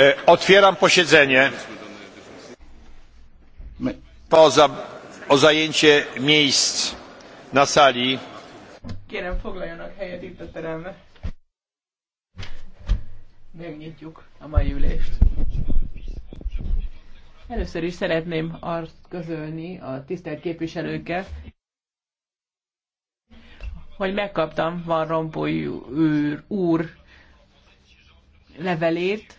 E, otwieram posiedzenie. Poza o zajęcie miejsc na sali. Kérem, foglaljanak helyet itt a teremben. Megnyitjuk a mai ülést. Először is szeretném azt közölni a tisztelt képviselőkkel, hogy megkaptam Van Rompuy úr, levelét